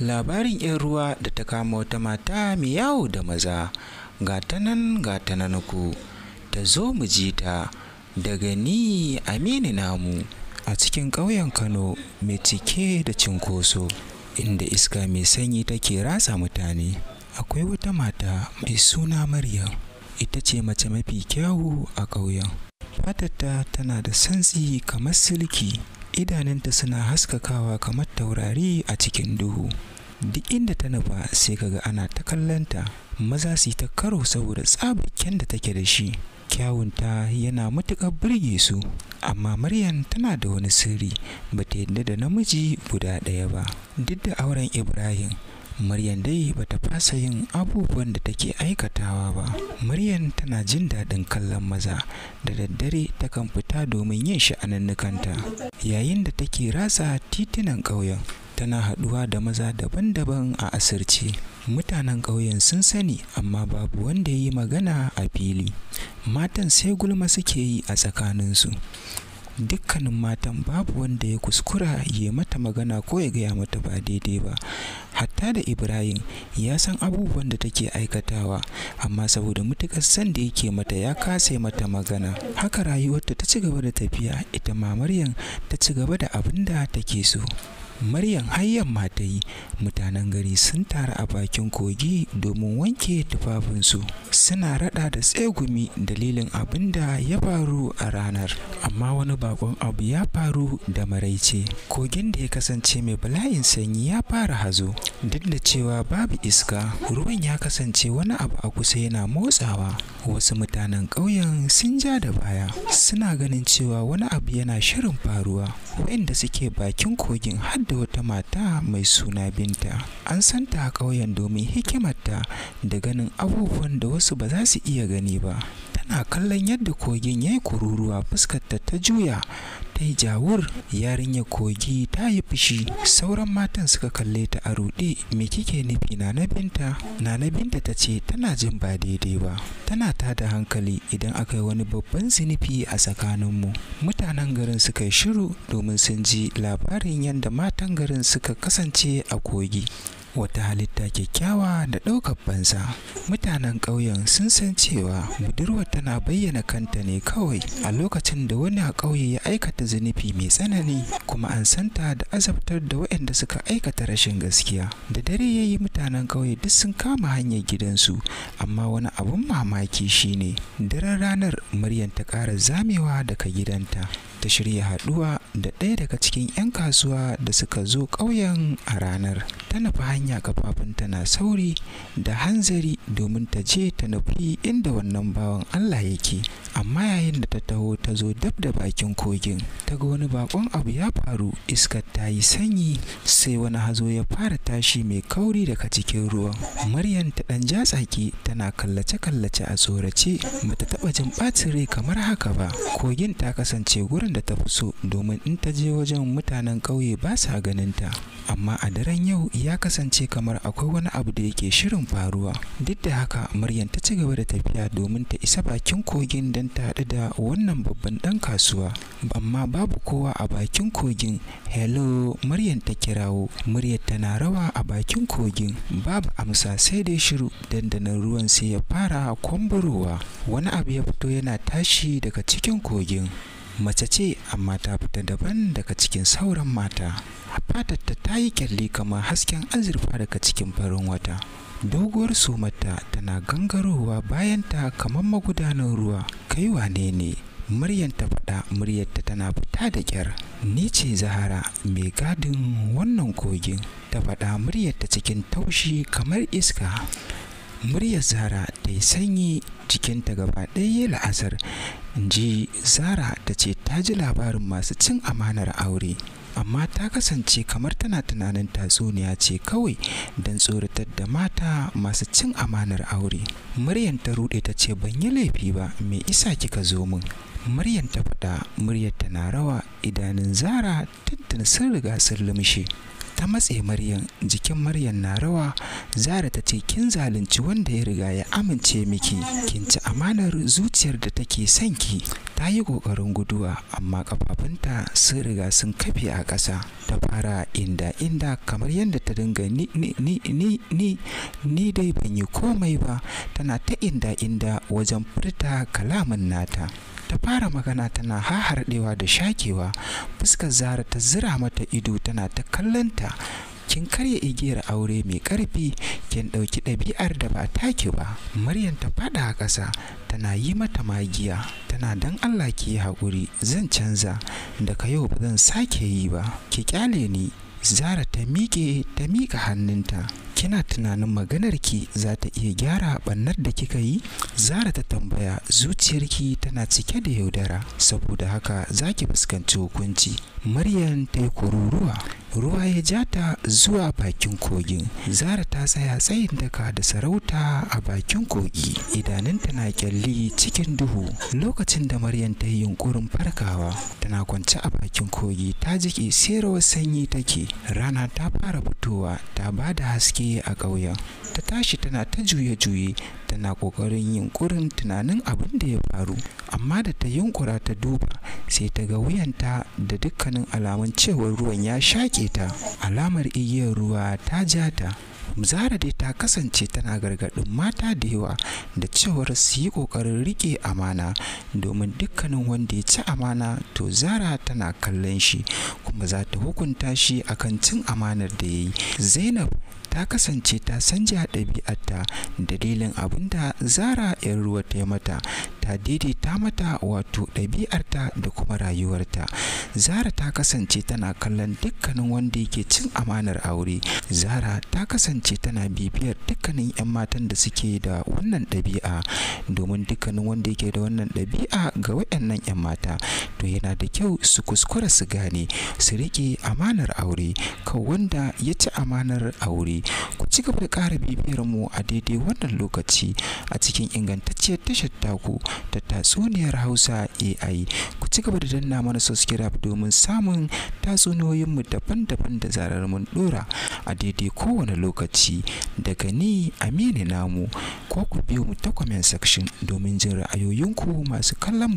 labarin 'yan ruwa da ta kama wata mata mai yawo da maza ga tanan ga ta ku ta zo mu ji ta daga ni aminu namu a cikin ƙauyen kano mai cike da cinkoso inda iska mai sanyi take rasa mutane akwai wata mata mai suna maryam ita ce mace mafi kyawu a ƙauyen Fatata tana da santsi kamar silki idanunta suna haskakawa kamar taurari a cikin duhu duk inda ta nufa sai kaga ana ta kallonta maza su yi ta karo saboda tsabaken da take da shi kyawunta yana matuƙar birge su amma maryam tana da wani sirri ba ta yadda da namiji guda ɗaya ba duk da auren ibrahim Maryam dai bata fasa yin abubuwan da take aikatawa ba. Maryam tana jin daɗin kallon maza da daddare ta kan fita domin yin sha'aninnukanta. Yayin da take ratsa titunan ƙauyen tana haɗuwa da maza daban-daban a asirce. Mutanen ƙauyen sun sani amma babu wanda ya yi magana a fili. Matan sai gulma suke yi a tsakaninsu. dukkanin matan babu wanda ya kuskura ya mata magana ko ya gaya mata ba daidai ba hatta da ibrahim ya san abubuwan da take aikatawa amma saboda mutukar san da yake mata ya kasa mata magana haka rayuwarta ta ci gaba da tafiya ita ma maryam ta ci gaba da abin da take so maryam har yamma mutanen gari sun taru a bakin kogi domin wanke tufafinsu suna rada da tsegumi dalilin abin da ya faru a ranar amma wani bakon abu ya faru da maraice kogin da ya kasance mai bala'in sanyi ya fara hazo duk da cewa babu iska ruwan ya kasance wani abu a kusa yana motsawa wasu mutanen ƙauyen sun ja da baya suna ganin cewa wani abu yana shirin faruwa waɗanda suke bakin kogin har da wata mata mai suna binta an santa a ƙauyen domin hikimarta da ganin abubuwan da wasu ba za su iya gani ba tana kallon yadda kogin ya yi kururuwa fuskarta ta juya ta yi jawur yarinyar kogi ta yi fushi sauran matan suka kalle ta a ruɗe me kike nufi nana binta nana binta ta ce tana jin ba daidai ba tana ta da hankali idan aka yi wani babban zinifi a tsakaninmu mutanen garin suka yi shiru domin sun ji labarin yadda matan garin suka kasance a kogi wata halitta kyakkyawa da ɗaukar fansa mutanen ƙauyen sun san cewa budurwar tana bayyana kanta ne kawai a lokacin da wani a ƙauye ya aikata zunubi mai tsanani kuma an santa da azabtar da waɗanda suka aikata rashin gaskiya da dare ya yi mutanen ƙauye duk sun kama hanyar gidansu amma wani abun mamaki shine daren ranar muryan ta kara zamewa daga gidanta ta shirya haɗuwa da ɗaya daga cikin 'yan kasuwa da suka zo ƙauyen a ranar ta nufi hanya kafafunta na sauri da hanzari domin ta je ta nufi inda wannan bawan Allah yake amma yayin da ta taho ta zo dab da bakin kogin ta ga wani bakon abu ya faru iskar ta yi sanyi sai wani hazo ya fara tashi mai kauri daga cikin ruwan maryam ta dan ja tsaki tana kallace kallace a tsorace bata taba jin bacin rai kamar haka ba kogin ta kasance gurin da ta fi so domin in ta je wajen mutanen ƙauye ba sa ganin ta amma a daren yau ya kasance kamar akwai wani abu da yake shirin faruwa duk da haka maryam ta ci gaba da tafiya domin ta isa bakin kogin don ta haɗu da wannan babban ɗan kasuwa amma babu kowa a bakin kogin hello maryam ta kirawo muryar tana rawa a bakin kogin babu amsa sai dai shiru dandanan ruwan sai ya fara kwamburowa wani abu ya fito yana tashi daga cikin kogin mace ce amma ta fita daban daga cikin sauran mata fatarta ta yi kyalle kamar hasken azurfa daga cikin farin wata doguwar somata tana gangarowa bayan ta kamar magudanar ruwa kai wane ne faɗa muryarta tana fita da kyar ni ce zahara mai gadin wannan kogin ta faɗa muryarta cikin taushi kamar iska muryar zahara ta yi sanyi ta gaba ɗaya la'asar in ji zahara ta ce ta ji labarin masu cin amanar aure amma ta kasance kamar tana tunanin tatsuniya ce kawai don tsoratar da mata masu cin amanar aure muryan ta ruɗe ta ce ban yi laifi ba me isa kika zo min muryan ta faɗa muryar ta na rawa idanun zara tuntun sun riga sun lumshe ta matse maryan jikin maryan na rawa zara ta ce kin zalunci wanda ya riga ya amince miki kin ci amanar zuciyar da take son ki ta yi ƙoƙarin guduwa amma kafafunta sun riga sun kafe a ƙasa ta fara inda inda kamar yadda ta dinga ni ni ni ni ni dai ban yi komai ba tana ta inda inda wajen furta kalamin nata ta fara magana tana haharɗewa da shakewa fuskar zara ta zira mata ido tana ta kallonta kin karya igiyar aure mai ƙarfi kin ɗauki ɗabi'ar da ba take ba maryam ta faɗa a ƙasa tana yi mata magiya tana dan allah ki yi haƙuri zan canza daga yau ba zan sake yi ba ki kyale ni zara ta miƙe ta miƙa hannunta kina tunanin maganarki za ta iya gyara bannar da kika yi zara ta tambaya zuciyarki tana cike da yaudara saboda haka za ki fuskanci hukunci maryan ta yi kururuwa ruwa ya ja ta zuwa bakin kogin zara ta tsaya tsayin daka da sarau ta a bakin kogi idanunta na kyalli cikin duhu lokacin da maryam ta yi yunkurin farkawa tana kwance a bakin kogi ta jike serowar sanyi take rana ta fara fitowa ta ba da haske a ƙauyen ta tashi tana ta juye-juye tana ƙoƙarin yunkurin tunanin abin da ya faru amma da ta yunkura ta duba sai ta ga wuyanta da dukkanin alamun cewar ruwan ya shaƙe ta alamar igiyar ruwa ta ja ta zara dai ta kasance tana gargaɗin mata da yawa da cewar su yi ƙoƙarin riƙe amana domin dukkanin wanda ya ci amana to zara tana kallon shi kuma za ta hukunta shi a kan cin amanar da ya yi zainab ta kasance ta sanja ɗabi'arta dalilin abinda zara 'yan ruwa ta yi mata ta daidaita mata wato ɗabi'arta da kuma rayuwarta zara ta kasance tana kallon dukkanin wanda yake cin amanar aure zara ta kasance tana bibiyar dukkanin 'yan matan da suke da wannan ɗabi'a domin dukkanin wanda yake da wannan ɗabi'a ga waɗannan 'yan mata to yana da kyau su kuskura su gane su riƙe amanar aure ka wanda ya ci amanar aure ci gaba da ƙara bibiyar mu a daidai wannan lokaci a cikin ingantacciyar tashar taku ta tatsuniyar Hausa AI ku ci gaba da danna mana subscribe domin samun tatsuniyoyin mu daban-daban da zarar mun dora a daidai kowane lokaci daga ni Aminu namu ko ku biyo mu ta comment section domin jin ra'ayoyinku masu kallon mu